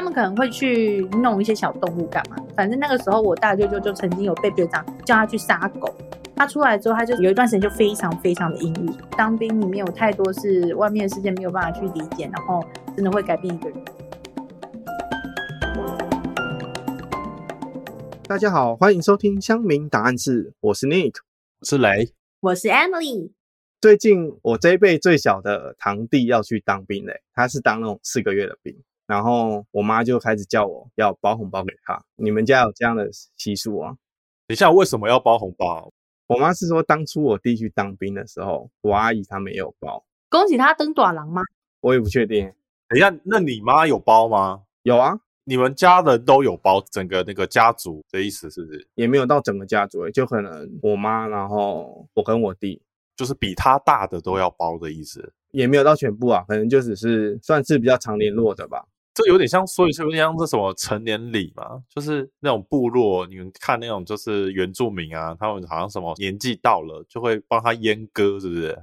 他們可能會去弄一些小動物幹嘛？反正那個時候，我大舅舅就曾經有被隊長叫他去殺狗。他出來之後，他就有一段時間就非常非常的陰鬱。當兵裡面有太多是外面的世界沒有辦法去理解，然後真的會改變一個人。大家好，歡迎收聽《鄉民檔案室》，我是 Nick，我是雷，我是 Emily。最近我這一輩最小的堂弟要去當兵嘞、欸，他是當那種四個月的兵。然後我媽就開始叫我要包紅包給她，你們家有這樣的習俗啊？等一下為什麼要包紅包？我媽是說當初我弟去當兵的時候，我阿姨她沒有包。恭喜他登短廊嗎？我也不確定。等一下，那你媽有包嗎？有啊，你們家人都有包，整個那個家族的意思是不是？也沒有到整個家族、欸，就可能我媽，然後我跟我弟，就是比他大的都要包的意思。也沒有到全部啊，可能就只是算是比較常聯絡的吧。就有點像，所以是不是像這什麼成年禮嘛，就是那種部落，你們看那種就是原住民啊，他們好像什麼年紀到了就會幫他閹割，是不是？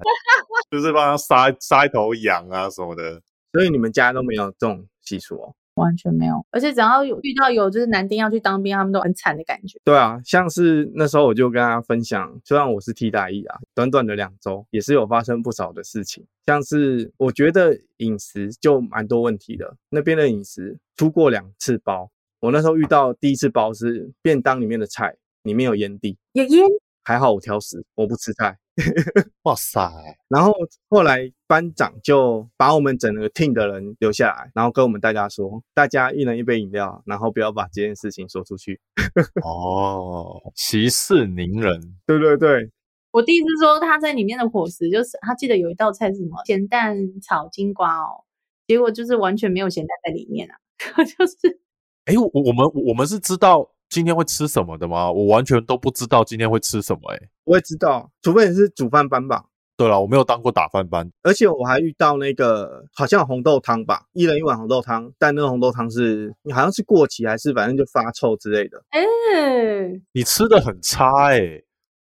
就是幫他殺殺一頭羊啊什麼的。所以你們家都沒有這種習俗哦。完全沒有，而且只要有遇到有就是男丁要去當兵，他們都很慘的感覺。對啊，像是那時候我就跟大家分享，雖然我是替代役啊，短短的兩周也是有發生不少的事情，像是我覺得飲食就蠻多問題的，那邊的飲食出過兩次包。我那時候遇到第一次包是便當裡面的菜裡面有煙蒂，有煙？還好我挑食，我不吃菜。 哇塞！然後後來班長就把我們整個 team 的人留下來，然後跟我們大家說：大家一人一杯飲料，然後不要把這件事情說出去。 哦，息事寧人，對對對。我第一次說他在裡面的伙食，就是他記得有一道菜是什麼鹹蛋炒金瓜哦，結果就是完全沒有鹹蛋在裡面啊， 就是。哎、欸，我我們我們是知道。今天會吃什麼的嗎？我完全都不知道今天會吃什麼、欸。誒我也知道，除非你是煮飯班吧。對啦，我沒有當過打飯班，而且我還遇到那個好像有紅豆湯吧，一人一碗紅豆湯，但那個紅豆湯是你好像是過期還是反正就發臭之類的。誒、欸、你吃得很差誒、欸、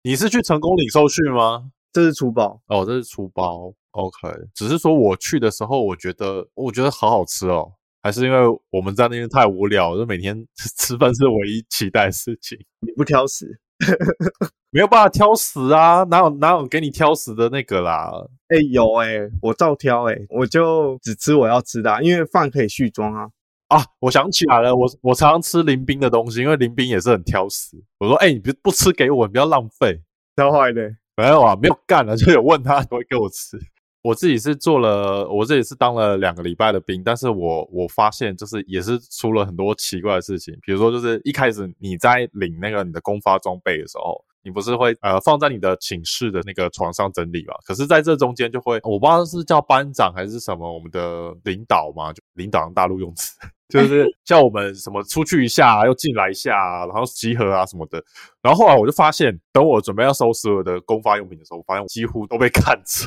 你是去成功嶺受訓嗎？這是粗飽哦，這是粗飽。OK，只是說我去的時候，我覺得我覺得好好吃哦。還是因為我們在那邊太無聊，就每天吃飯是唯一期待的事情。你不挑食， 沒有辦法挑食啊，哪有哪有給你挑食的那個啦？哎、欸，有哎、欸，我照挑哎、欸，我就只吃我要吃的，因為飯可以續裝啊啊！我想起來了，我我常常吃林斌的東西，因為林斌也是很挑食。我說哎、欸，你不不吃給我，你不要浪費。挑壞的沒有啊，沒有干了，就有問他會給我吃。我自己是做了，我自己是當了兩個禮拜的兵，但是我我發現就是也是出了很多奇怪的事情，比如說就是一開始你在領那個你的公發裝備的時候，你不是會呃放在你的寢室的那個床上整理嘛？可是在這中間就會，我不知道是叫班長還是什麼，我們的領導嘛，就領導大陸用詞，就是叫我們什麼出去一下啊，又進來一下啊，然後集合啊什麼的。然後後來我就發現，等我準備要收拾我的公發用品的時候，我發現我幾乎都被看走。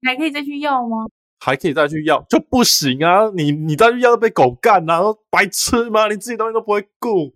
你還可以再去要嗎？還可以再去要就不行啊！你你再去要都被狗幹啊，然後白痴嗎？你自己東西都不會顧，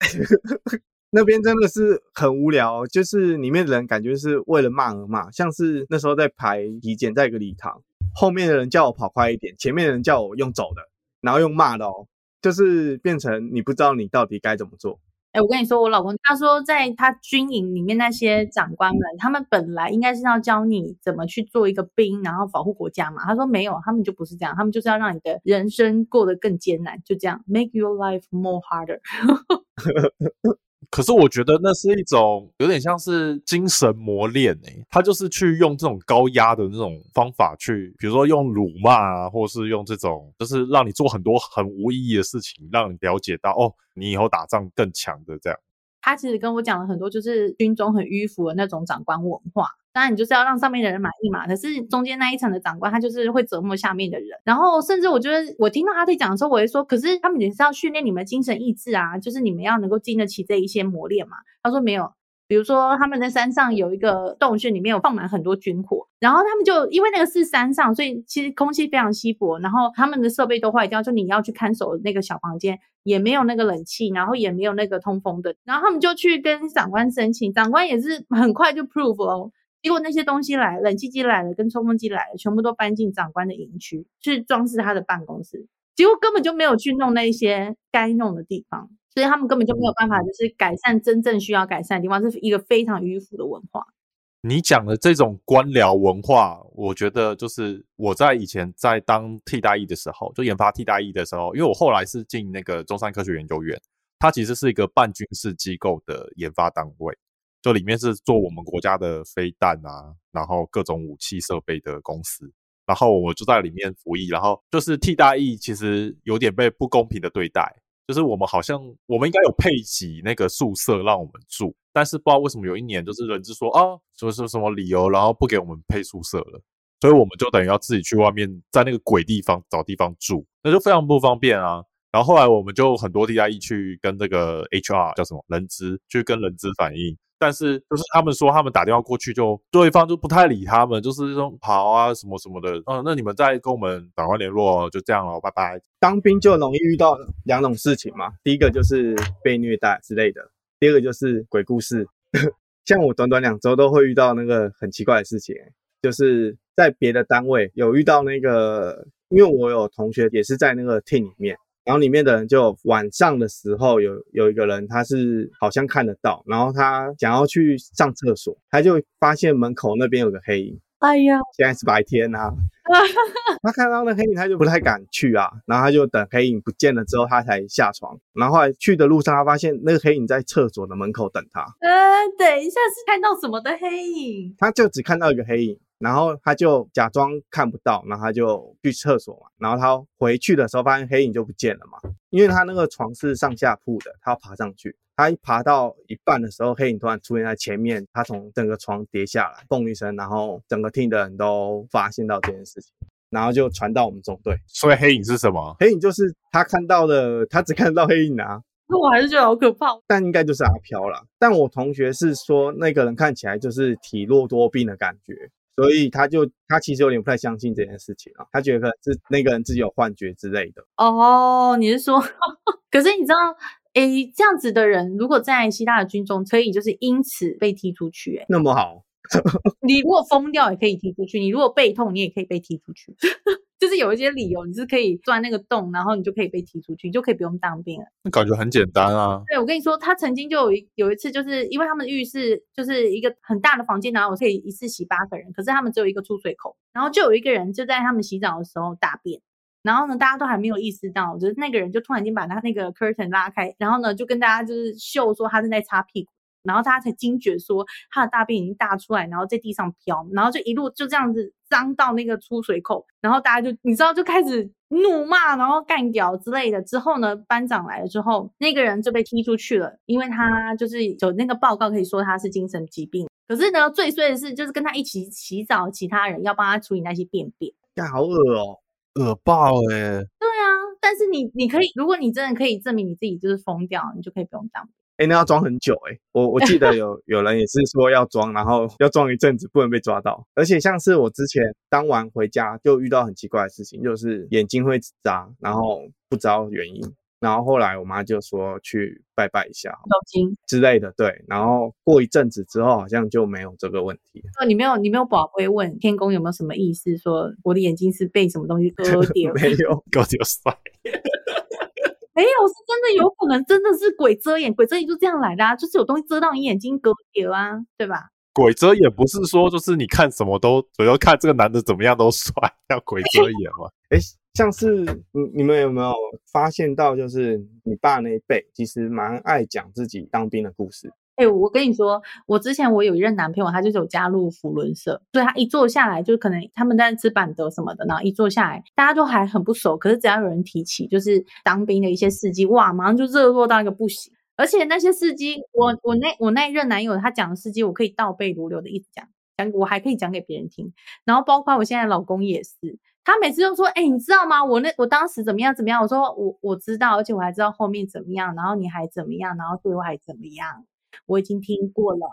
那邊真的是很無聊，就是裡面的人感覺是為了罵而罵，像是那時候在排體檢，在一個禮堂，後面的人叫我跑快一點，前面的人叫我用走的，然後用罵的哦，就是變成你不知道你到底該怎麼做。哎，我跟你說，我老公他說，在他軍營裡面那些長官們，他們本來應該是要教你怎麼去做一個兵，然後保護國家嘛。他說沒有，他們就不是這樣，他們就是要讓你的人生過得更艱難，就這樣，make your life more harder。 可是我覺得那是一種有點像是精神磨練誒、欸,他就是去用這種高壓的那種方法去，比如說用辱罵啊，或是用這種，就是讓你做很多很無意義的事情，讓你了解到哦，你以後打仗更強的這樣。他其實跟我講了很多，就是軍中很迂腐的那種長官文化。當然，你就是要讓上面的人滿意嘛。可是中間那一層的長官，他就是會折磨下面的人。然後，甚至我覺得，我聽到他在講的時候，我會說，可是他們也是要訓練你們精神意志啊，就是你們要能夠經得起這一些磨練嘛。他說沒有。比如說，他們在山上有一個洞穴，裡面有放滿很多軍火。然後他們就因為那個是山上，所以其實空氣非常稀薄。然後他們的設備都壞掉，就你要去看守那個小房間，也沒有那個冷氣，然後也沒有那個通風的。然後他們就去跟長官申請，長官也是很快就 approve 哦。結果那些東西來了，冷氣機來了，跟抽風機來了，全部都搬進長官的營區去裝飾他的辦公室。結果根本就沒有去弄那些該弄的地方。所以他們根本就沒有辦法，就是改善真正需要改善的地方，是一個非常迂腐的文化。你講的這種官僚文化，我覺得就是我在以前在當替代役的時候，就研發替代役的時候，因為我後來是進那個中山科學研究院，它其實是一個半軍事機構的研發單位，就裡面是做我們國家的飛彈啊，然後各種武器設備的公司，然後我就在裡面服役，然後就是替代役其實有點被不公平的對待。就是我們好像我們應該有配給，那個宿舍讓我們住，但是不知道為什麼有一年就是人資說啊，說說什麼理由，然後不給我們配宿舍了，所以我們就等於要自己去外面在那個鬼地方找地方住，那就非常不方便啊。然後後來我們就很多 d i E 去跟這個 HR 叫什麼人資去跟人資反映。但是就是他們說，他們打電話過去，就對方就不太理他們，就是這種跑啊什麼什麼的。嗯，那你們再跟我們趕快聯絡哦，就這樣咯，拜拜。當兵就容易遇到兩種事情嘛，第一個就是被虐待之類的，第二個就是鬼故事。 像我短短兩周都會遇到那個很奇怪的事情，就是在別的單位有遇到那個，因為我有同學也是在那個 team 裡面。然後裡面的人就晚上的時候有有一個人，他是好像看得到，然後他想要去上廁所，他就發現門口那邊有個黑影。哎呀，現在是白天啊， 他看到那黑影，他就不太敢去啊。然後他就等黑影不見了之後，他才下床。然後後來去的路上，他發現那個黑影在廁所的門口等他。嗯、呃，等一下是看到什麼的黑影？他就只看到一個黑影。然後他就假裝看不到，然後他就去廁所嘛。然後他回去的時候，發現黑影就不見了嘛。因為他那個床是上下鋪的，他要爬上去，他一爬到一半的時候，黑影突然出現在前面，他從整個床跌下來，嘣一聲，然後整個廳的人都發現到這件事情，然後就傳到我們中隊。所以黑影是什麼？黑影就是他看到的，他只看到黑影啊。那我還是覺得好可怕。但應該就是阿飄啦。但我同學是說，那個人看起來就是體弱多病的感覺。所以他就他其實有點不太相信這件事情啊，他覺得是那個人自己有幻覺之類的。哦，你是說？可是你知道，哎、欸，這樣子的人如果在希臘的軍中，可以就是因此被踢出去、欸。誒那麼好， 你如果瘋掉也可以踢出去，你如果背痛你也可以被踢出去。就是有一些理由，你是可以鑽那個洞，然後你就可以被踢出去，你就可以不用當兵了。那感覺很簡單啊。對，我跟你說，他曾經就有有一次，就是因為他們的浴室就是一個很大的房間，然後我可以一次洗八個人，可是他們只有一個出水口，然後就有一個人就在他們洗澡的時候大便，然後呢，大家都還沒有意識到，就是那個人就突然間把他那個 curtain 拉開，然後呢就跟大家就是秀說他正在擦屁股。然後他才驚覺，說他的大便已經大出來，然後在地上飄，然後就一路就這樣子髒到那個出水口，然後大家就你知道就開始怒罵，然後幹掉之類的。之後呢，班長來了之後，那個人就被踢出去了，因為他就是有那個報告，可以說他是精神疾病。可是呢，最衰的是，就是跟他一起洗澡其他人要幫他處理那些便便，這好惡哦，惡爆誒、欸。對啊，但是你你可以，如果你真的可以證明你自己就是瘋掉，你就可以不用當。哎、欸，那要裝很久，哎、欸，我我記得有有人也是說要裝， 然後要裝一陣子，不能被抓到。而且像是我之前當完回家就遇到很奇怪的事情，就是眼睛會眨，然後不知道原因。然後後來我媽就說去拜拜一下招金精之類的，對。然後過一陣子之後好像就沒有這個問題了、嗯。你沒有你沒有寶貝問天公有沒有什麼意思？說我的眼睛是被什麼東西割掉了？ 沒有割掉塞。 沒有，欸、是真的有可能，真的是鬼遮眼，鬼遮眼就這樣來的，啊，就是有東西遮到你眼睛，隔絕啊，對吧？鬼遮眼不是說就是你看什麼都，主要看這個男的怎麼樣都帥，叫鬼遮眼嗎？哎、欸欸，像是你你們有沒有發現到，就是你爸那一輩其實蠻愛講自己當兵的故事。哎、欸，我跟你說，我之前我有一任男朋友，他就是有加入扶輪社，所以他一坐下來，就可能他們在吃板德什麼的，然後一坐下來，大家都還很不熟，可是只要有人提起，就是當兵的一些事跡，哇，馬上就熱絡到一個不行。而且那些事跡，我我那我那一任男友他講的事跡，我可以倒背如流的一直講，講我還可以講給別人聽。然後包括我現在的老公也是，他每次都說，哎、欸，你知道嗎？我那我當時怎麼樣怎麼樣？我說我我知道，而且我還知道後面怎麼樣，然後你還怎麼樣，然後對我還怎麼樣。我已經聽過了，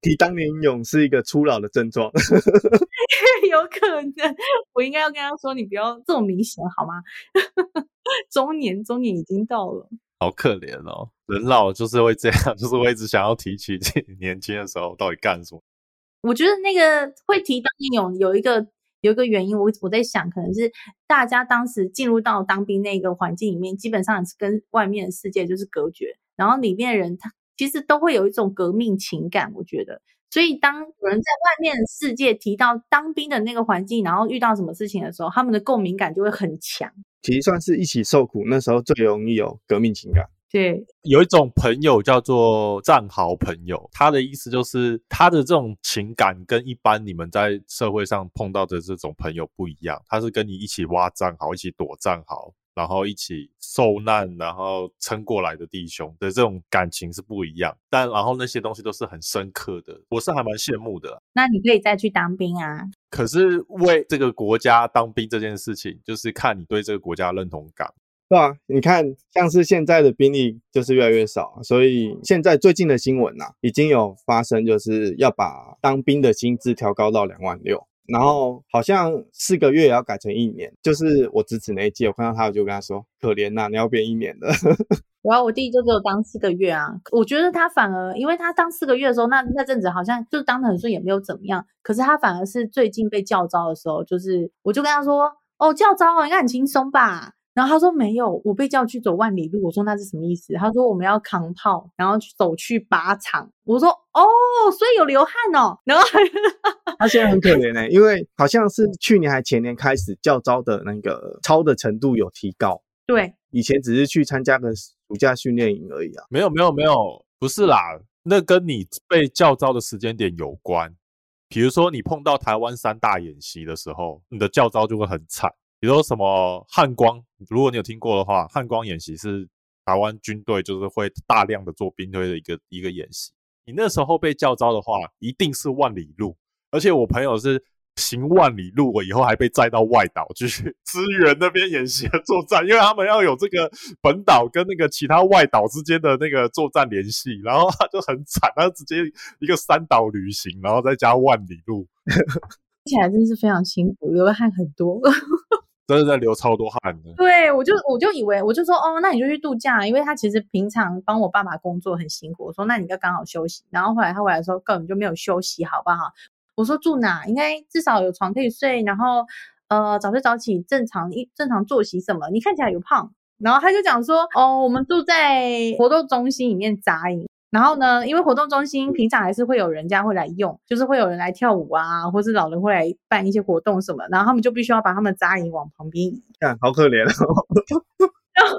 提當年勇是一個初老的症狀 有可能，我應該要跟他說，你不要這麼明顯好嗎？ 中年中年已經到了，好可憐哦，人老就是會這樣，就是我一直想要提起年輕的時候我到底幹什麼。我覺得那個會提當年勇有一個有一個原因，我我在想，可能是大家當時進入到當兵那個環境裡面，基本上是跟外面的世界就是隔絕，然後裡面的人他。其實都會有一種革命情感，我覺得。所以當有人在外面的世界提到當兵的那個環境，然後遇到什麼事情的時候，他們的共鳴感就會很強。其實算是一起受苦，那時候最容易有革命情感。對，有一種朋友叫做戰壕朋友，他的意思就是他的這種情感跟一般你們在社會上碰到的這種朋友不一樣，他是跟你一起挖戰壕，一起躲戰壕。然後一起受難，然後撐過來的弟兄的這種感情是不一樣，但然後那些東西都是很深刻的，我是還蠻羨慕的。那你可以再去當兵啊。可是為這個國家當兵這件事情，就是看你對這個國家認同感。對啊，你看，像是現在的兵力就是越來越少，所以現在最近的新聞吶、啊，已經有發生，就是要把當兵的薪資調高到兩萬六。然後好像四個月也要改成一年，就是我侄子那一屆，我看到他我就跟他說，可憐吶、啊，你要變一年了。 然後我弟就只有當四個月啊，我覺得他反而，因為他當四個月的時候，那那陣子好像就當的很順，也沒有怎麼樣。可是他反而是最近被教召的時候，就是我就跟他說，哦，教召、哦、應該很輕鬆吧。然後他說沒有，我被叫去走萬里路。我說那是什麼意思？他說我們要扛炮，然後去走去靶場。我說哦，所以有流汗哦。然後他現在很可憐呢、欸，因為好像是去年還前年開始教召的那個操的程度有提高。對，以前只是去參加個暑假訓練營而已啊。沒有沒有沒有，不是啦，那跟你被教召的時間點有關。比如說你碰到台灣三大演習的時候，你的教召就會很慘。比如說什麼漢光。如果你有聽過的話，漢光演習是台灣軍隊就是會大量的做兵推的一個一個演習。你那時候被教召的話，一定是萬里路。而且我朋友是行萬里路，我以後還被載到外島去支援那邊演習的作戰，因為他們要有這個本島跟那個其他外島之間的那個作戰聯繫。然後他就很慘，他就直接一個三島旅行，然後再加萬里路，聽 起來真的是非常辛苦，流的汗很多。 真的在流超多汗的對，對我就我就以為我就說哦，那你就去度假，因為他其實平常幫我爸爸工作很辛苦。我說那你就剛好休息，然後後來他回來的時候根本就沒有休息，好不好？我說住哪？應該至少有床可以睡，然後呃早睡早起正常一正常作息什麼？你看起來有胖，然後他就講說哦，我們住在活動中心裡面紮營。然後呢，因為活動中心平常還是會有人家會來用，就是會有人來跳舞啊，或者是老人會來辦一些活動什麼，然後他們就必須要把他們扎營往旁邊看，好可憐哦！然後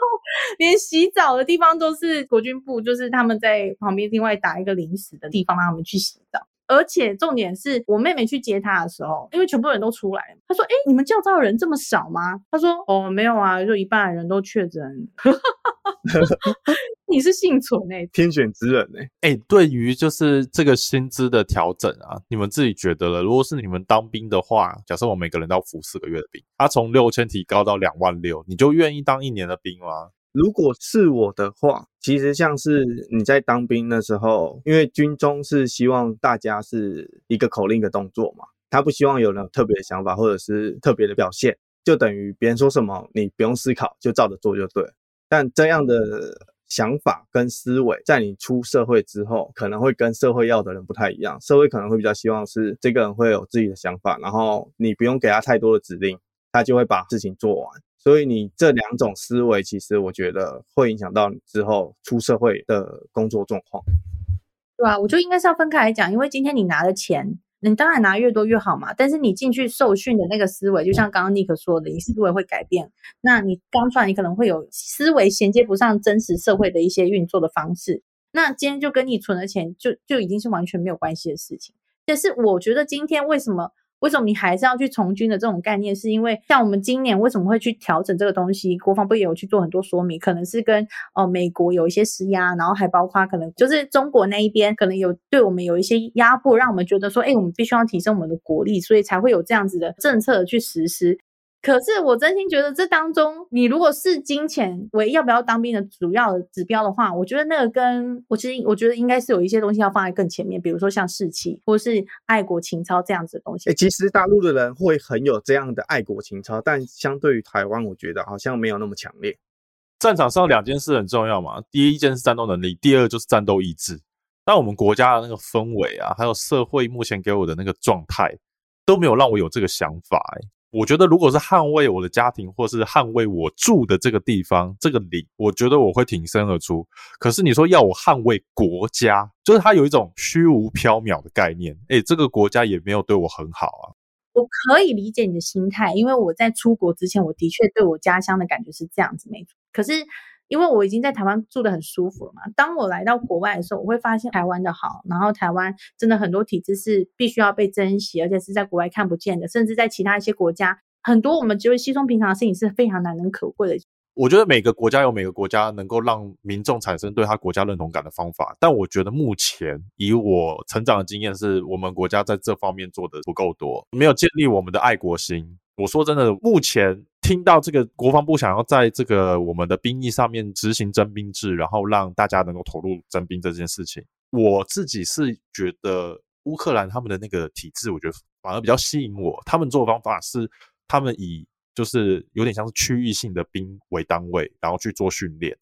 連洗澡的地方都是國軍部，就是他們在旁邊另外打一個臨時的地方讓他們去洗澡。而且重點是我妹妹去接他的時候，因為全部人都出來，他說：“哎，你們教召的人這麼少嗎？”他說：“哦，沒有啊，就一半人都確診。 ”你是幸存呢、欸，天 選之人呢、欸？哎、欸，對於就是這個薪資的調整啊，你們自己覺得了？如果是你們當兵的話，假設我們每個人都要服四個月的兵，他、啊、從六千提高到兩萬六，你就願意當一年的兵嗎？如果是我的話，其實像是你在當兵的時候，因為軍中是希望大家是一個口令的動作嘛，他不希望有人有特別的想法或者是特別的表現，就等於別人說什麼你不用思考就照着做就對。但這樣的想法跟思維，在你出社會之後，可能會跟社會要的人不太一樣，社會可能會比較希望是這個人會有自己的想法，然後你不用給他太多的指令，他就會把事情做完。所以你這兩種思維，其實我覺得會影響到你之後出社會的工作狀況。對啊，我就應該是要分開來講，因為今天你拿的錢，你當然拿越多越好嘛。但是你進去受訓的那個思維，就像剛剛尼克說的，你思維會改變。那你剛出來，你可能會有思維銜接不上真實社會的一些運作的方式。那今天就跟你存的錢，就就已經是完全沒有關係的事情。但是我覺得今天為什麼？為什麼你還是要去從軍的這種概念？是因為像我們今年為什麼會去調整這個東西？國防部也有去做很多說明，可能是跟呃美國有一些施壓，然後還包括可能就是中國那一邊可能有對我們有一些壓迫，讓我們覺得說，哎、欸，我們必須要提升我們的國力，所以才會有這樣子的政策去實施。可是我真心覺得，這當中你如果是金錢為要不要當兵的主要的指標的話，我覺得那個跟我其實我覺得應該是有一些東西要放在更前面，比如說像士氣或是愛國情操這樣子的東西、欸。其實大陸的人會很有這樣的愛國情操，但相對於台灣，我覺得好像沒有那麼強烈。戰場上兩件事很重要嘛，第一件是戰鬥能力，第二就是戰鬥意志。但我們國家的那個氛圍啊，還有社會目前給我的那個狀態，都沒有讓我有這個想法、欸。我覺得，如果是捍衛我的家庭，或是捍衛我住的這個地方、這個理我覺得我會挺身而出。可是你說要我捍衛國家，就是他有一種虛無縹緲的概念。誒、欸、這個國家也沒有對我很好啊。我可以理解你的心態，因為我在出國之前，我的確對我家鄉的感覺是這樣子沒錯。可是。因為我已經在台灣住得很舒服了嘛，當我來到國外的時候，我會發現台灣的好，然後台灣真的很多體制是必須要被珍惜，而且是在國外看不見的，甚至在其他一些國家，很多我們就會稀鬆平常的事情是非常難能可貴的。我覺得每個國家有每個國家能夠讓民眾產生對他國家認同感的方法，但我覺得目前以我成長的經驗，是我們國家在這方面做得不夠多，沒有建立我們的愛國心。我說真的，目前聽到這個國防部想要在這個我們的兵役上面執行徵兵制，然後讓大家能夠投入徵兵這件事情，我自己是覺得烏克蘭他們的那個體制，我覺得反而比較吸引我。他們做的方法是，他們以就是有點像是區域性的兵為單位，然後去做訓練，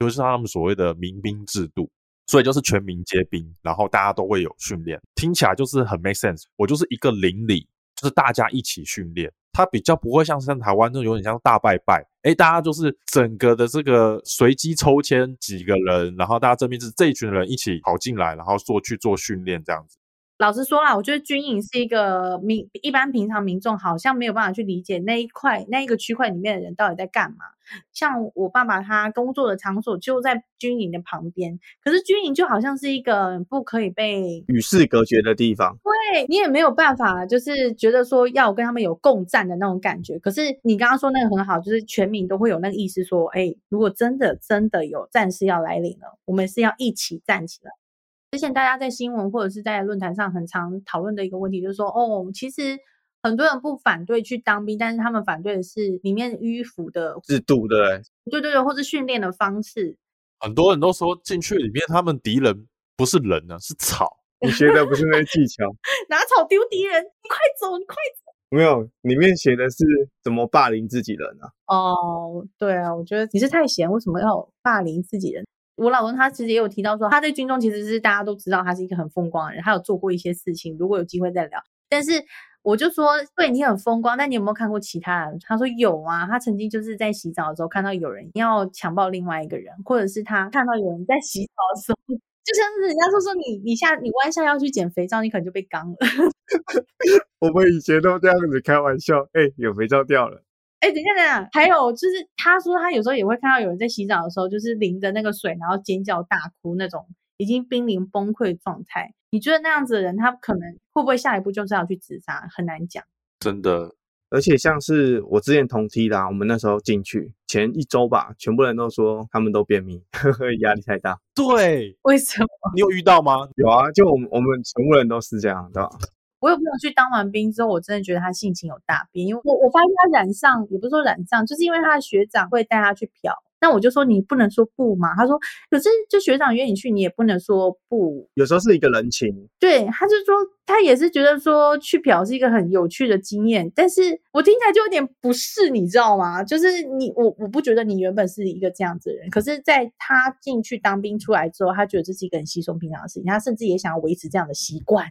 就是他們所謂的民兵制度，所以就是全民皆兵，然後大家都會有訓練，聽起來就是很 make sense。我就是一個鄰里，就是大家一起訓練。它比較不會像像台灣那種有點像大拜拜，誒、欸，大家就是整個的這個隨機抽籤幾個人，然後大家這邊是這一群人一起跑進來，然後做去做訓練這樣子。老實說啦，我覺得軍營是一個民一般平常民眾好像沒有辦法去理解那一塊，那一個區塊裡面的人到底在幹嘛。像我爸爸他工作的場所就在軍營的旁邊，可是軍營就好像是一個不可以被與世隔絕的地方，對，你也沒有辦法，就是覺得說要跟他們有共戰的那種感覺。可是你剛剛說那個很好，就是全民都會有那個意識，說哎，如果真的真的有戰事要來臨了，我們是要一起站起來。之前大家在新聞或者是在論壇上很常討論的一個問題，就是說哦，其實很多人不反對去當兵，但是他們反對的是裡面迂腐的制度的、欸，對，對對對，或是訓練的方式。很多人都說進去裡面，他們敵人不是人啊，是草。你學的不是那些技巧， 拿草丟敵人，你快走，你快走。沒有，裡面寫的是怎麼霸凌自己人啊？哦，對啊，我覺得你是太閒，為什麼要霸凌自己人？我老公他其實也有提到說，他對軍中其實是大家都知道他是一個很風光的人，他有做過一些事情。如果有機會再聊，但是我就說，對你很風光，但你有沒有看過其他人？他說有啊，他曾經就是在洗澡的時候看到有人要強暴另外一個人，或者是他看到有人在洗澡的時候，就像是人家說，說你你下你彎下腰要去撿肥皂，你可能就被幹了。 我們以前都這樣子開玩笑，哎、欸，有肥皂掉了。哎、欸，等一下，等一下，還有就是，他說他有時候也會看到有人在洗澡的時候，就是淋着那個水，然後尖叫大哭那種，已經瀕臨崩潰狀態。你覺得那樣子的人，他可能會不會下一步就這樣去自殺？很難講。真的，而且像是我之前同梯啦，我們那時候進去前一周吧，全部人都說他們都便秘，呵呵，壓力太大。對，為什麼？你有遇到嗎？有啊，就我們我們全部人都是這樣的。對吧？我有朋友去當完兵之後，我真的覺得他性情有大變，因為我我發現他染上，也不是說染上，就是因為他的學長會帶他去嫖。那我就說你不能說不嘛。他說，可是就學長約你去，你也不能說不。有時候是一個人情。對，他就說他也是覺得說去嫖是一個很有趣的經驗，但是我聽起來就有點不適，你知道嗎？就是你我我不覺得你原本是一個這樣子的人，可是在他進去當兵出來之後，他覺得這是一個很稀鬆平常的事情，他甚至也想要維持這樣的習慣。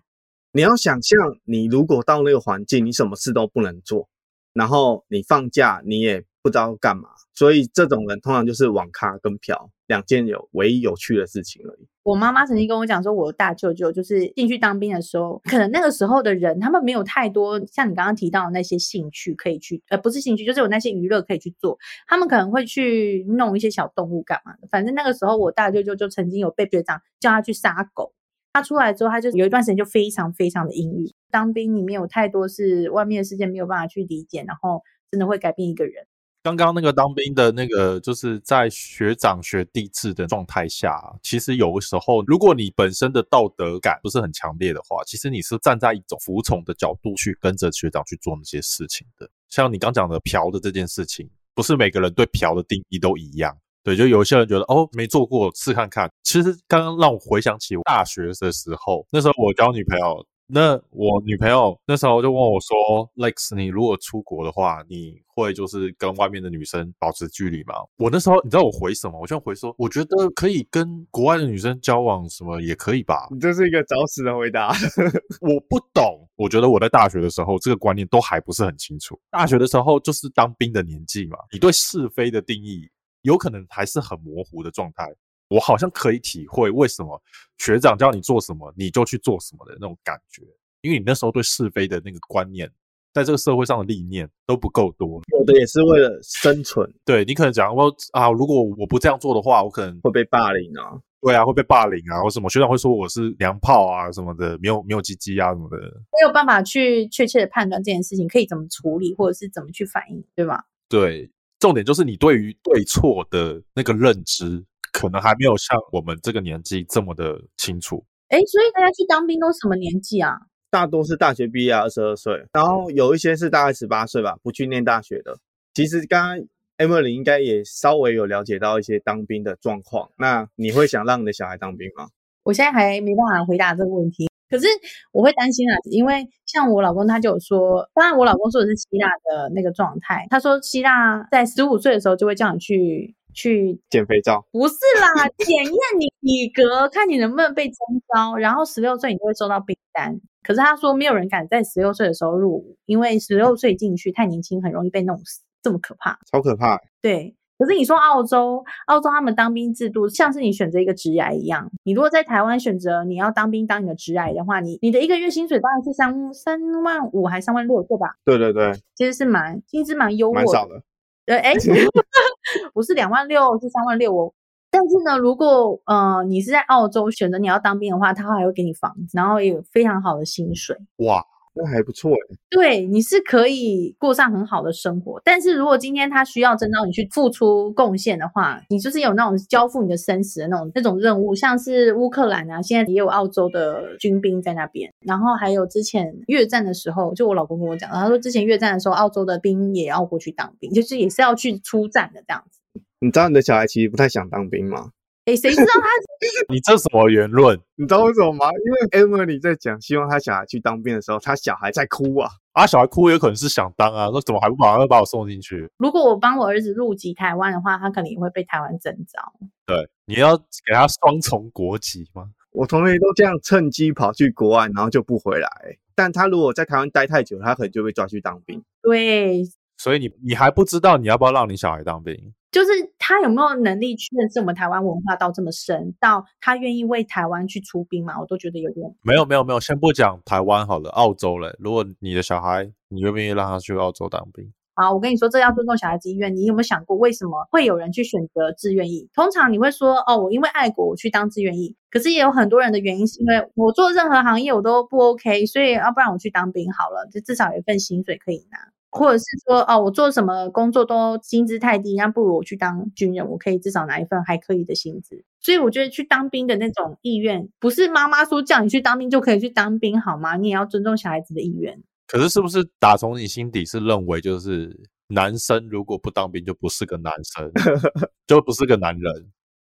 你要想象，你如果到那個環境，你什麼事都不能做，然後你放假，你也不知道幹嘛。所以這種人通常就是網咖跟嫖，兩件有唯一有趣的事情而已。我媽媽曾經跟我講說，我大舅舅就是進去當兵的時候，可能那個時候的人，他們沒有太多像你剛剛提到的那些興趣可以去，呃，不是興趣，就是有那些娛樂可以去做。他們可能會去弄一些小動物幹嘛的。反正那個時候，我大舅舅就曾經有被隊長叫他去殺狗。他出來之後，他就有一段時間就非常非常的抑鬱。當兵裡面有太多是外面的世界沒有辦法去理解，然後真的會改變一個人。剛剛那個當兵的那個，就是在學長學弟制的狀態下，其實有的時候，如果你本身的道德感不是很強烈的話，其實你是站在一種服從的角度去跟着學長去做那些事情的。像你剛講的嫖的這件事情，不是每個人對嫖的定義都一樣。對，就有些人覺得哦，沒做過，試看看。其實剛剛讓我回想起大學的時候，那時候我交女朋友，那我女朋友那時候就問我說：“Layx，你如果出國的話，你會就是跟外面的女生保持距離嗎？”我那時候你知道我回什麼？我就回說：“我覺得可以跟國外的女生交往，什麼也可以吧。”你這是一個找死的回答。 我不懂，我覺得我在大學的時候這個觀念都還不是很清楚。大學的時候就是當兵的年紀嘛，你對是非的定義。有可能還是很模糊的狀態。我好像可以體會為什麼學長叫你做什麼，你就去做什麼的那種感覺，因為你那時候對是非的那個觀念，在這個社會上的歷練都不夠多。有的也是為了生存，對你可能講我，啊，如果我不這樣做的話，我可能會被霸凌啊。對啊，會被霸凌啊，或什麼學長會說我是娘炮啊什麼的，沒有沒有雞雞啊什麼的，沒有辦法去確切的判斷這件事情可以怎麼處理，或者是怎麼去反應，對吧？對。重點就是你對於對錯的那個認知，可能還沒有像我們這個年紀這麼的清楚。哎，所以大家去當兵都什麼年紀啊？大多是大學畢業二十二歲，然後有一些是大概十八歲吧，不去念大學的。其實剛剛 Emily 應該也稍微有了解到一些當兵的狀況。那你會想讓你的小孩當兵嗎？我現在還沒辦法回答這個問題。可是我會擔心啊，因為像我老公他就有說，當然我老公說的是希臘的那個狀態，他說希臘在十五歲的時候就會叫你去去減肥照，不是啦，檢 驗你體格，看你能不能被徵召，然後十六歲你就會收到兵單。可是他說沒有人敢在十六歲的時候入伍，因為十六歲進去太年輕，很容易被弄死，這麼可怕，超可怕欸。對。可是你說澳洲，澳洲他們當兵制度像是你選擇一個職涯一樣，你如果在台灣選擇你要當兵當你的職涯的話，你你的一個月薪水大概是三三萬五還是三萬六，對吧？對對對，其實是蠻薪資蠻優，蠻少的。呃，誒 我是兩萬六是三萬六，哦。但是呢，如果呃你是在澳洲選擇你要當兵的話，他還會給你房子，然後也有非常好的薪水。哇！都還不錯哎、欸，對，你是可以過上很好的生活。但是，如果今天他需要徵召你去付出貢獻的話，你就是有那種交付你的生死的那種那種任務，像是烏克蘭啊，現在也有澳洲的軍兵在那邊，然後還有之前越戰的時候，就我老公跟我講，他說之前越戰的時候，澳洲的兵也要過去當兵，就是也是要去出戰的這樣子。你知道你的小孩其實不太想當兵嗎？誰、欸、知道他是？ 你這什麼言論？你知道為什麼嗎？因為 Emily 在講，希望他小孩去當兵的時候，他小孩在哭啊！啊，小孩哭有可能是想當啊，說怎麼還不馬上把我送進去？如果我幫我兒子入籍台灣的話，他肯定也會被台灣徵召。對，你要給他雙重國籍嗎？我同學都這樣，趁機跑去國外，然後就不回來。但他如果在台灣待太久，他可能就被抓去當兵。對，所以你你還不知道你要不要讓你小孩當兵？就是他有沒有能力去認識我們台灣文化到這麼深，到他願意為台灣去出兵嘛？我都覺得有點沒有沒有沒有，先不講台灣好了，澳洲咧。如果你的小孩，你願不願意讓他去澳洲當兵啊？我跟你說，這要尊重小孩子意願。你有沒有想過，為什麼會有人去選擇志願役？通常你會說，哦，我因為愛國，我去當志願役。可是也有很多人的原因是因為我做任何行業我都不 OK，所以要不然我去當兵好了，就至少有一份薪水可以拿。或者是說，哦，我做什麼工作都薪資太低，那不如我去當軍人，我可以至少拿一份還可以的薪資。所以我覺得去當兵的那種意願，不是媽媽說叫你去當兵就可以去當兵，好嗎？你也要尊重小孩子的意願。可是，是不是打從你心底是認為，就是男生如果不當兵就不是個男生， 就不是個男人？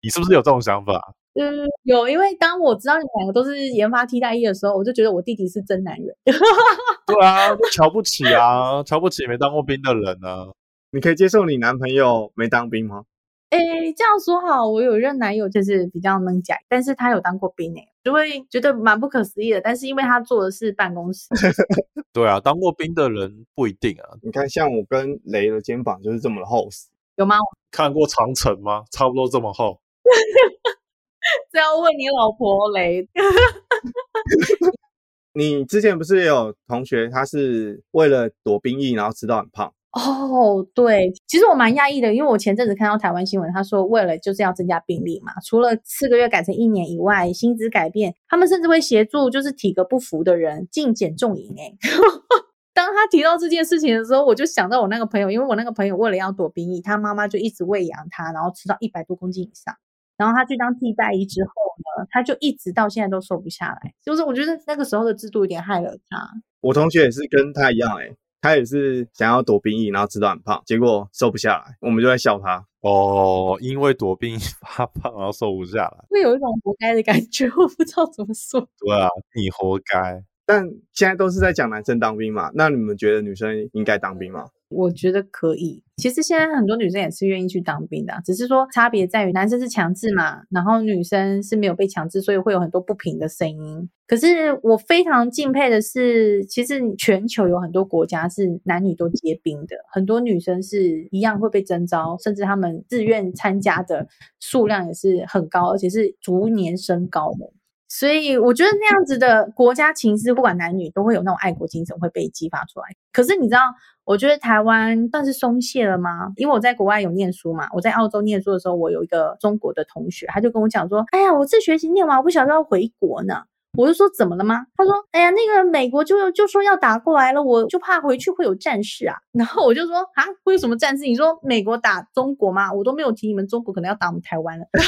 你是不是有這種想法？嗯，有，因為當我知道你們兩個都是研發替代役的時候，我就覺得我弟弟是真男人。 對啊，瞧不起啊， 瞧不起沒當過兵的人啊。你可以接受你男朋友沒當兵嗎？哎、欸，這樣說好，我有任男友就是比較能宅，但是他有當過兵呢、欸，就會覺得蠻不可思議的。但是因為他做的是辦公室。 對啊，當過兵的人不一定啊。你看，像我跟雷的肩膀就是這麼厚實。有嗎？看過長城嗎？差不多這麼厚。 是要問你老婆咧。 你之前不是也有同學，他是為了躲兵役，然後吃到很胖。哦，oh, 對，其實我蠻訝異的，因為我前陣子看到台灣新聞，他說為了就是要增加兵力嘛，除了四個月改成一年以外，薪資改變，他們甚至會協助就是體格不符的人進減重營、欸。哎， 當他提到這件事情的時候，我就想到我那個朋友，因為我那個朋友為了要躲兵役，他媽媽就一直餵養他，然後吃到一百多公斤以上。然後他去當替代役之後呢，他就一直到現在都瘦不下來。就是我覺得那個時候的制度有點害了他。我同學也是跟他一樣、欸，誒他也是想要躲兵役，然後吃到很胖，結果瘦不下來，我們就在笑他。哦，因為躲兵役發胖，然後瘦不下來，會有一種活該的感覺，我不知道怎麼說。對啊，你活該。但現在都是在講男生當兵嘛，那你們覺得女生應該當兵嗎？我覺得可以。其實現在很多女生也是願意去當兵的啊，只是說差別在於男生是強制嘛，然後女生是沒有被強制，所以會有很多不平的聲音。可是我非常敬佩的是，其實全球有很多國家是男女都結兵的，很多女生是一樣會被徵召，甚至他們自願參加的數量也是很高，而且是逐年升高。所以我覺得那樣子的國家情勢，不管男女，都會有那種愛國精神會被激發出來。可是你知道，我覺得台灣算是鬆懈了嗎？因為我在國外有念書嘛，我在澳洲念書的時候，我有一個中國的同學，他就跟我講說：“哎呀，我這學期念完，我不曉得要回國呢。”我就說：“怎麼了嗎？”他說：“哎呀，那個美國就就說要打過來了，我就怕回去會有戰事啊。”然後我就說：“啊，會有什麼戰事？你說美國打中國嗎？我都沒有提你們中國可能要打我們台灣了。”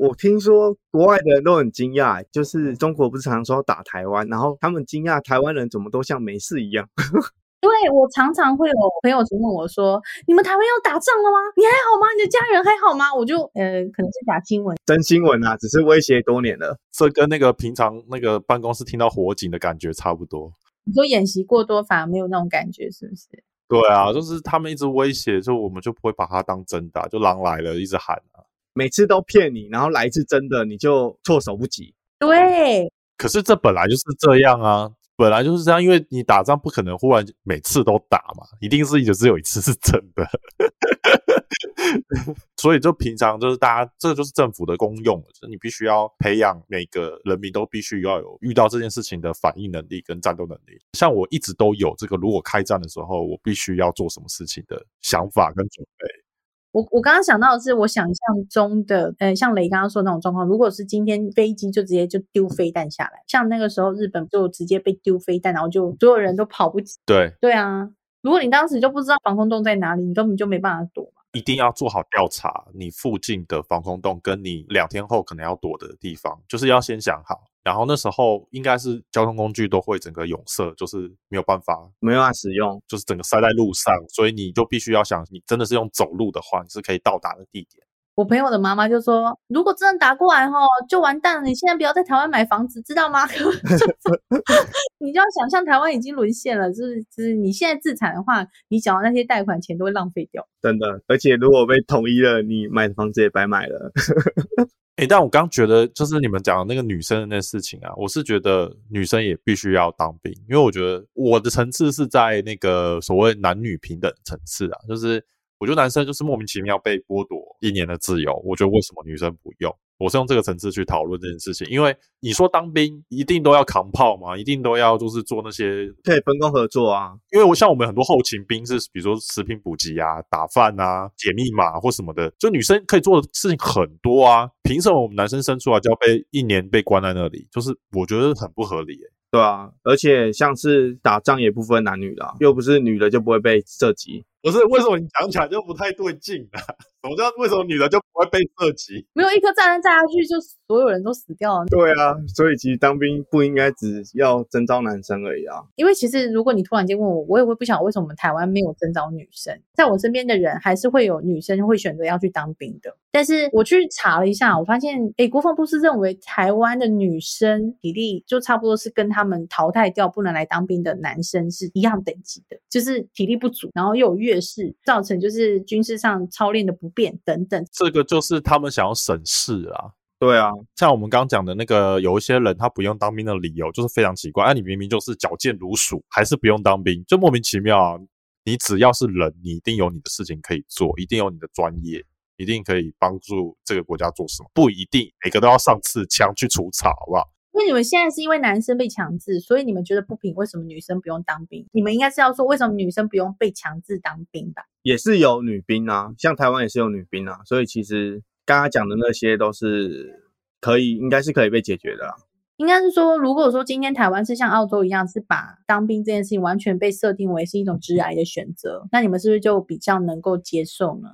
我聽說國外的人都很驚訝，就是中國不是常說要打台灣，然後他們驚訝台灣人怎麼都像沒事一樣。 對，我常常會有朋友就問我說：“你們台灣要打仗了嗎？你還好嗎？你的家人還好嗎？”我就呃，可能是假新聞，真新聞啊，只是威脅多年了，這跟那個平常那個辦公室聽到火警的感覺差不多。你說演習過多反而沒有那種感覺，是不是？對啊，就是他們一直威脅，就我們就不會把它當真的啊，就狼來了，一直喊啊。每次都騙你，然後來一次真的，你就措手不及。對，可是這本來就是這樣啊，本來就是這樣，因為你打仗不可能忽然每次都打嘛，一定是一直只有一次是真的。 所以就平常就是大家，這就是政府的功用，就是你必須要培養每個人民都必須要有遇到這件事情的反應能力跟戰鬥能力。像我一直都有這個，如果開戰的時候，我必須要做什麼事情的想法跟準備。我我剛剛想到的是，我想象中的，呃，像鐳剛剛說的那種狀況，如果是今天飛機就直接就丟飛彈下來，像那個時候日本就直接被丟飛彈，然後就所有人都跑不。對。對啊，如果你當時就不知道防空洞在哪裡，你根本就沒辦法躲嘛。一定要做好調查，你附近的防空洞跟你兩天後可能要躲的地方，就是要先想好。然後那時候應該是交通工具都會整個壅塞，就是沒有辦法，沒有辦法使用，就是整個塞在路上，所以你就必須要想，你真的是用走路的話，你是可以到達的地點。我朋友的媽媽就說，如果真的打過來吼、哦，就完蛋了。你現在不要在台灣買房子，知道嗎？ 你就要想像台灣已經淪陷了，就是就是你現在自產的話，你繳的那些貸款錢都會浪費掉。真的，而且如果被統一了，你買房子也白買了。 欸，但我剛覺得就是你們講的那個女生的那事情啊，我是覺得女生也必須要當兵，因為我覺得我的層次是在那個所謂男女平等層次啊，就是我覺得男生就是莫名其妙被剝奪。一年的自由，我覺得為什麼女生不用？我是用這個層次去討論這件事情，因為你說當兵一定都要扛炮，嘛，一定都要就是做那些可以分工合作啊。因為我像我們很多後勤兵是，比如說食品補給啊、打飯啊、解密碼或什麼的，就女生可以做的事情很多啊。憑什麼我們男生生出來就要被一年被關在那裡？就是我覺得很不合理，欸。對啊，而且像是打仗也不分男女啦，又不是女的就不會被射擊。不是，為什麼你講起來就不太對勁啊？總之，為什麼女的就不會被射擊？沒有，一顆炸彈炸下去，就所有人都死掉了。對啊，所以其實當兵不應該只要徵召男生而已啊。因為其實如果你突然間問我，我也會不想，為什麼我們台灣沒有徵召女生，在我身邊的人還是會有女生會選擇要去當兵的。但是我去查了一下，我發現，哎、欸，國防部是認為台灣的女生體力就差不多是跟他們淘汰掉不能來當兵的男生是一樣等級的，就是體力不足，然後又有月，劣勢造成就是軍事上操練的不便等等，這個就是他們想要省事啊。對啊，像我們剛剛講的那個，有一些人他不用當兵的理由就是非常奇怪。啊你明明就是矯健如鼠，還是不用當兵，就莫名其妙啊。你只要是人，你一定有你的事情可以做，一定有你的專業，一定可以幫助這個國家做什麼，不一定每個都要上刺槍去除草，好不好？因為你們現在是因為男生被強制，所以你們覺得不平。為什麼女生不用當兵？你們應該是要說，為什麼女生不用被強制當兵吧？也是有女兵啊，像台灣也是有女兵啊。所以其實剛剛講的那些都是可以，應該是可以被解決的啦、啊。應該是說，如果說今天台灣是像澳洲一樣，是把當兵這件事情完全被設定為是一種致癌的選擇，那你們是不是就比較能夠接受呢？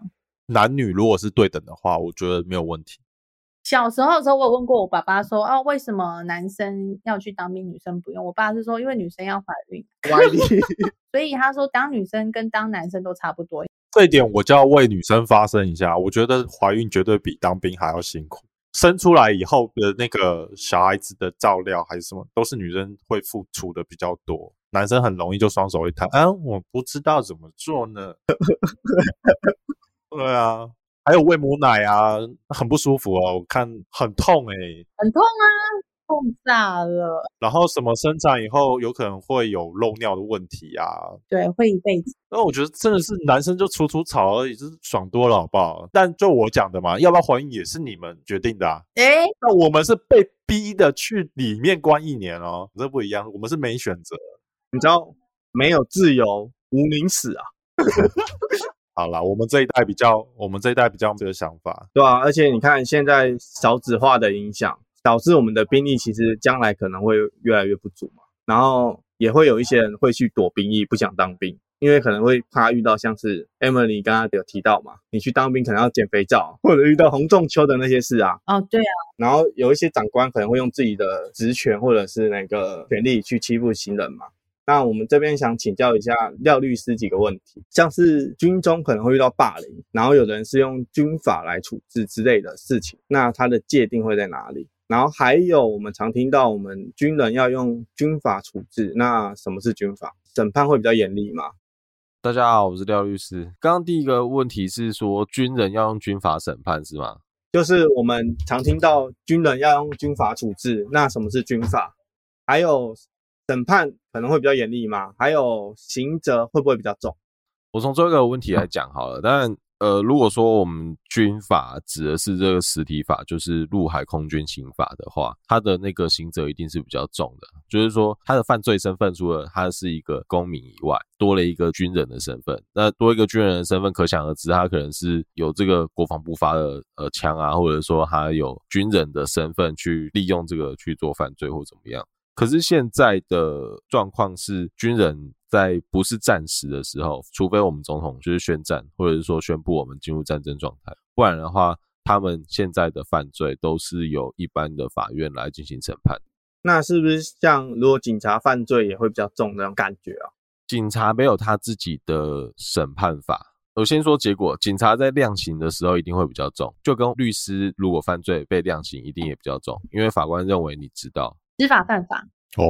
男女如果是對等的話，我覺得沒有問題。小時候的時候，我有問過我爸爸說：“啊、哦，為什麼男生要去當兵，女生不用？”我爸是說：“因為女生要懷孕， 所以他說當女生跟當男生都差不多。”這一點我就要為女生發聲一下，我覺得懷孕絕對比當兵還要辛苦。生出來以後的那個小孩子的照料還是什麼，都是女生會付出的比較多，男生很容易就雙手一攤：“嗯、啊，我不知道怎麼做呢。 ”對啊。還有餵母奶啊，很不舒服哦、啊，我看很痛哎、欸，很痛啊，痛炸了。然後什麼生產以後有可能會有漏尿的問題啊。對，會一輩子。那我覺得真的是男生就除除草而已，就是爽多了，好不好？但就我講的嘛，要不要懷孕也是你們決定的啊？哎、欸，那我們是被逼的去裡面關一年哦，這不一樣，我們是沒選擇，嗯、你知道沒有自由，無名死啊。 好啦，我們這一代比較，我們這一代比較這個想法，對啊，而且你看，現在少子化的影響，導致我們的兵力其實將來可能會越來越不足嘛。然後也會有一些人會去躲兵役，不想當兵，因為可能會怕遇到像是 Emily 剛才有提到嘛，你去當兵可能要撿肥皂，或者遇到洪仲丘的那些事啊。哦，oh, 對啊。然後有一些長官可能會用自己的職權或者是那個權力去欺負新人嘛。那我們這邊想請教一下廖律師幾個問題，像是軍中可能會遇到霸凌，然後有人是用軍法來處置之類的事情，那它的界定會在哪裡？然後還有我們常聽到我們軍人要用軍法處置，那什麼是軍法？審判會比較嚴厲嗎？大家好，我是廖律師。剛剛第一個問題是說軍人要用軍法審判是嗎？就是我們常聽到軍人要用軍法處置，那什麼是軍法？還有⋯審判可能會比較嚴厲嗎？還有刑責會不會比較重？我從這個問題來講好了。但、嗯，呃，如果說我們軍法指的是這個實體法，就是陸海空軍刑法的話，它的那個刑責一定是比較重的。就是說，他的犯罪身份除了他是一個公民以外，多了一個軍人的身份。那多一個軍人的身份，可想而知，他可能是有這個國防部發的呃槍啊，或者說他有軍人的身份去利用這個去做犯罪或怎麼樣。可是現在的狀況是，軍人在不是戰時的時候，除非我們總統就是宣戰，或者是說宣佈我們進入戰爭狀態，不然的話，他們現在的犯罪都是由一般的法院來進行審判。那是不是像如果警察犯罪也會比較重那種感覺啊？警察沒有他自己的審判法。我先說結果，警察在量刑的時候一定會比較重，就跟律師如果犯罪被量刑一定也比較重，因為法官認為你知道。知法犯法哦，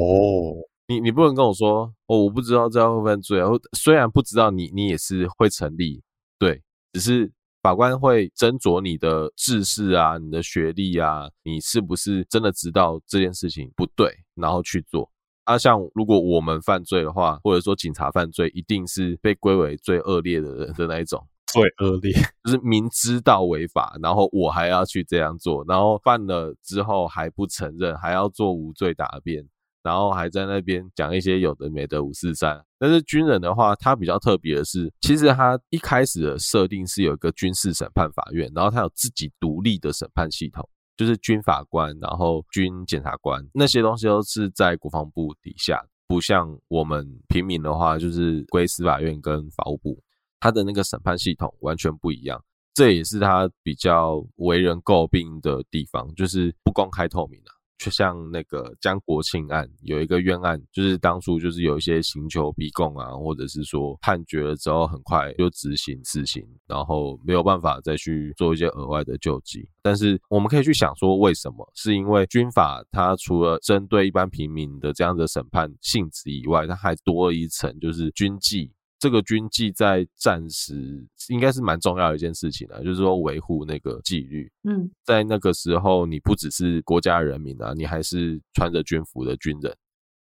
你你不能跟我說哦，我不知道這樣會犯罪，啊。雖然不知道你你也是會成立，對，只是法官會斟酌你的知識啊，你的學歷啊，你是不是真的知道這件事情不對，然後去做。啊，像如果我們犯罪的話，或者說警察犯罪，一定是被歸為最惡劣的人的那一種。最惡劣就是明知道違法，然後我還要去這樣做，然後犯了之後還不承認，還要做無罪答辯，然後還在那邊講一些有的沒的五四三。但是軍人的話，他比較特別的是，其實他一開始的設定是有一個軍事審判法院，然後他有自己獨立的審判系統，就是軍法官，然後軍檢察官，那些東西都是在國防部底下，不像我們平民的話，就是歸司法院跟法務部。他的那個審判系統完全不一樣，這也是他比較為人詬病的地方，就是不公開透明啊。就像那個江國慶案，有一個冤案，就是當初就是有一些刑求逼供啊，或者是說判決了之後很快就執行死刑，然後沒有辦法再去做一些額外的救濟。但是我們可以去想說，為什麼？是因為軍法它除了針對一般平民的這樣的審判性質以外，它還多了一層就是軍紀。這個軍紀在戰時應該是蠻重要的一件事情啊，就是說維護那個紀律。嗯，在那個時候，你不只是國家人民啊，你還是穿着軍服的軍人。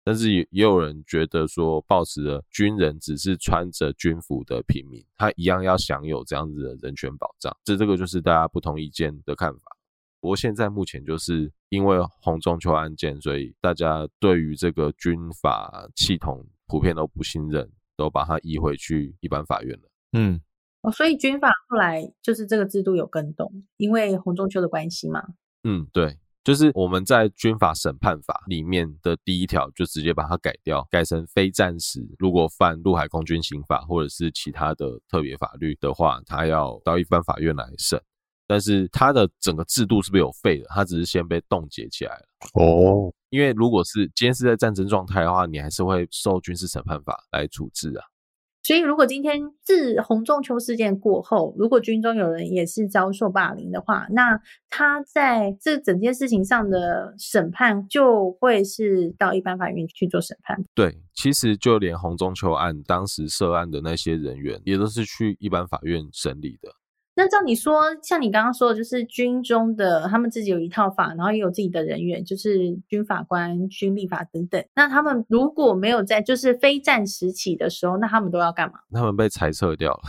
但是也也有人覺得說，抱持着軍人只是穿着軍服的平民，他一樣要享有這樣子的人權保障。這這個就是大家不同意見的看法。不過現在目前就是因為洪仲丘案件，所以大家對於這個軍法系統普遍都不信任。都把它移回去一般法院了。嗯，哦，所以軍法後來就是這個制度有更動，因為洪仲丘的關係嘛。嗯，對，就是我們在軍法審判法裡面的第一條，就直接把它改掉，改成非戰時，如果犯陸海空軍刑法或者是其他的特別法律的話，他要到一般法院來審。但是他的整個制度是不是有廢的？他只是先被凍結起來了。哦。因為如果是今天是在戰爭狀態的話，你還是會受軍事審判法來處置啊。所以，如果今天自洪仲丘事件過後，如果軍中有人也是遭受霸凌的話，那他在這整件事情上的審判就會是到一般法院去做審判。對，其實就連洪仲丘案當時涉案的那些人員，也都是去一般法院審理的。那照你說，像你剛剛說的，就是軍中的他們自己有一套法，然後也有自己的人員，就是軍法官、軍立法等等。那他們如果沒有在，就是非戰時期的時候，那他們都要幹嘛？他們被裁撤掉了。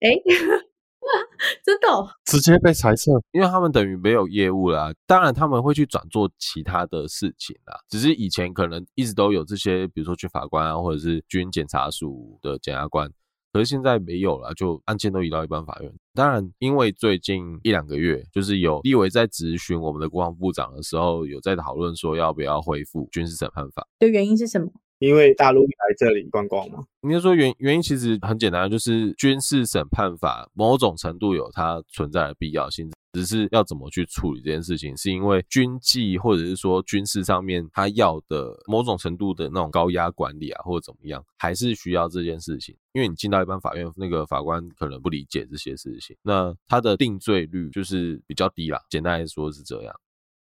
哎、欸， 真的、喔、直接被裁撤，因為他們等於沒有業務啦、啊。當然他們會去轉做其他的事情啦、啊。只是以前可能一直都有這些，比如說軍法官啊，或者是軍檢察署的檢察官，可是現在沒有了、啊，就案件都移到一般法院。當然，因為最近一兩個月，就是有立委在質詢我們的國防部長的時候，有在討論說要不要恢復軍事審判法。對，的原因是什麼？因為大陸你來這裡觀光嗎？你就說原因，原因其實很簡單，就是軍事審判法某種程度有它存在的必要性，只是要怎麼去處理這件事情，是因為軍紀或者是說軍事上面他要的某種程度的那種高壓管理啊，或者怎麼樣，還是需要這件事情。因為你進到一般法院，那個法官可能不理解這些事情，那他的定罪率就是比較低啦。簡單來說是這樣。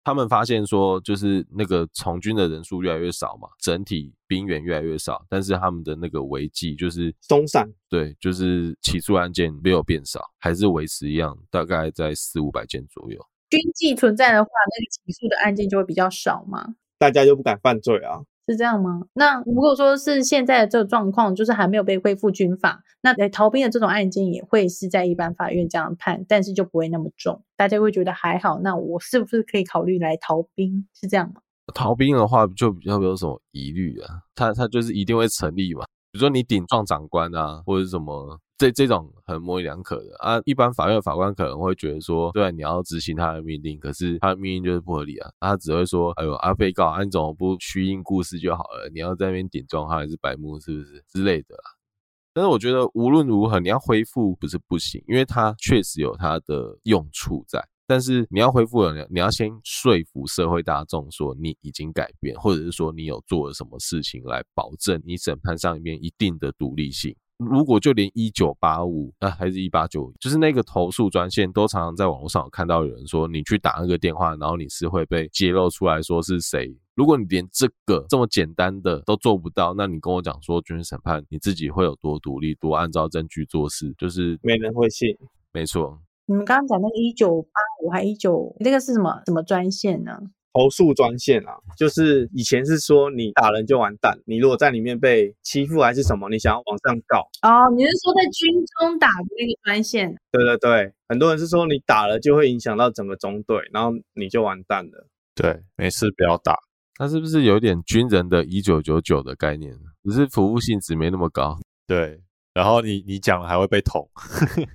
他們發現說，就是那個從軍的人數越來越少嘛，整體兵員越來越少，但是他們的那個違紀就是鬆散，對，就是起訴案件沒有變少，還是維持一樣，大概在四五百件左右。軍紀存在的話，那起訴的案件就會比較少嘛，大家就不敢犯罪啊？是這樣嗎？那如果說是現在的這個狀況，就是還沒有被恢復軍法，那來逃兵的這種案件也會是在一般法院這樣判，但是就不會那麼重，大家會覺得還好。那我是不是可以考慮來逃兵？是這樣嗎？逃兵的話，就比較沒有什麼疑慮啊？他他就是一定會成立嘛？比如說你頂撞長官啊，或者什麼？這這種很模稜兩可的啊，一般法院的法官可能會覺得說，對，你要執行他的命令，可是他的命令就是不合理啊，他只會說，哎喲啊，被告安總、啊、不虛應故事就好了，你要在那邊頂撞他還是白目是不是之類的啦？但是我覺得無論如何你要恢復不是不行，因為他確實有他的用處在，但是你要恢復了，你要先說服社會大眾說你已經改變，或者是說你有做了什麼事情來保證你審判上面一定的獨立性。如果就連一九八五啊，還是一八九，就是那個投訴專線，都常常在網絡上有看到有人說，你去打那個電話，然後你是會被揭露出來說是誰。如果你連這個這麼簡單的都做不到，那你跟我講說軍事審判你自己會有多獨立，多按照證據做事，就是沒人會信。沒錯，你們剛剛講那個一九八五還一九，這個是什麼什麼專線呢？投訴專線啊，就是以前是說你打人就完蛋，你如果在裡面被欺負還是什麼，你想要往上告。哦，你是說在軍中打的那個專線？對對對，很多人是說你打了就會影響到整個中隊，然後你就完蛋了。對，沒事不要打。那是不是有點軍人的“一九九九”的概念？只是服務性質沒那麼高。對，然後你你講了還會被捅。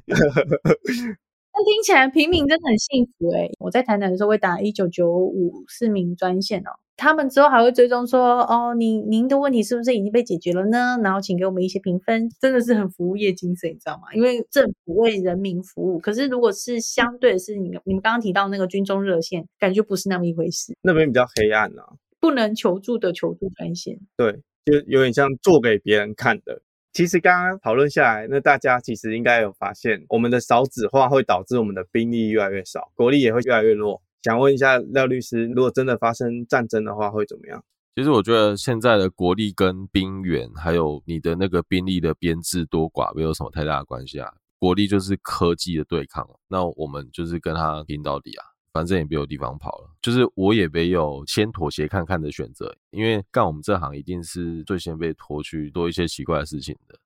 那聽起來平民真的很幸福誒、欸。我在台南的時候會打一九九五市民專線哦，他們之後還會追蹤說，哦，您您的問題是不是已經被解決了呢？然後請給我們一些評分，真的是很服務業精神，你知道嗎？因為政府為人民服務。可是如果是相對的是你你們剛剛提到那個軍中熱線，感覺就不是那麼一回事，那邊比較黑暗啊，不能求助的求助專線，對，就有點像做給別人看的。其實剛剛討論下來，那大家其實應該有發現，我們的少子化會導致我們的兵力越來越少，國力也會越來越弱。想問一下廖律師，如果真的發生戰爭的話，會怎麼樣？其實我覺得現在的國力跟兵源，還有你的那個兵力的編制多寡，沒有什麼太大的關係啊。國力就是科技的對抗，那我們就是跟他拼到底啊。反正也沒有地方跑了，就是我也沒有先妥協看看的選擇。因為幹我們這行，一定是最先被拖去做一些奇怪的事情的。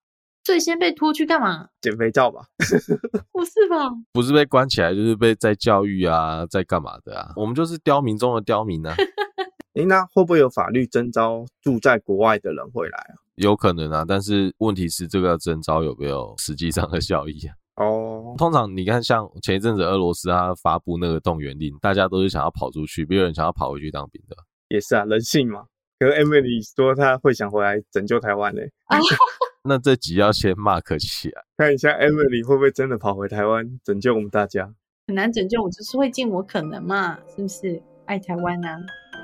最先被拖去幹嘛？撿肥皂吧？ 不是吧？不是被關起來，就是被在教育啊，在幹嘛的啊？我們就是刁民中的刁民啊。哎、 欸，那會不會有法律徵召住在國外的人回來啊？有可能啊，但是問題是這個徵召有沒有實際上的效益啊？通常你看，像前一陣子俄羅斯他發布那個動員令，大家都是想要跑出去，沒有人想要跑回去當兵的，也是啊，人性嘛。可是 Emily 說她會想回來拯救台灣呢，那這集要先 mark 起來啊，看一下 Emily 會不會真的跑回台灣拯救我們大家？很難拯救，我就是會盡我可能嘛，是不是？愛台灣啊！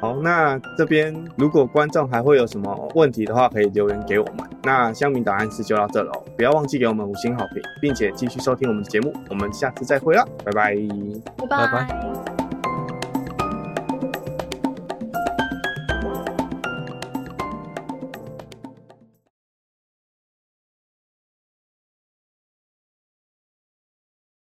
好，那這邊如果觀眾還會有什麼問題的話，可以留言給我們。那鄉民檔案室就到這了哦，不要忘記給我們五星好評，並且繼續收聽我們的節目。我們下次再會啦，拜拜，拜拜。拜拜。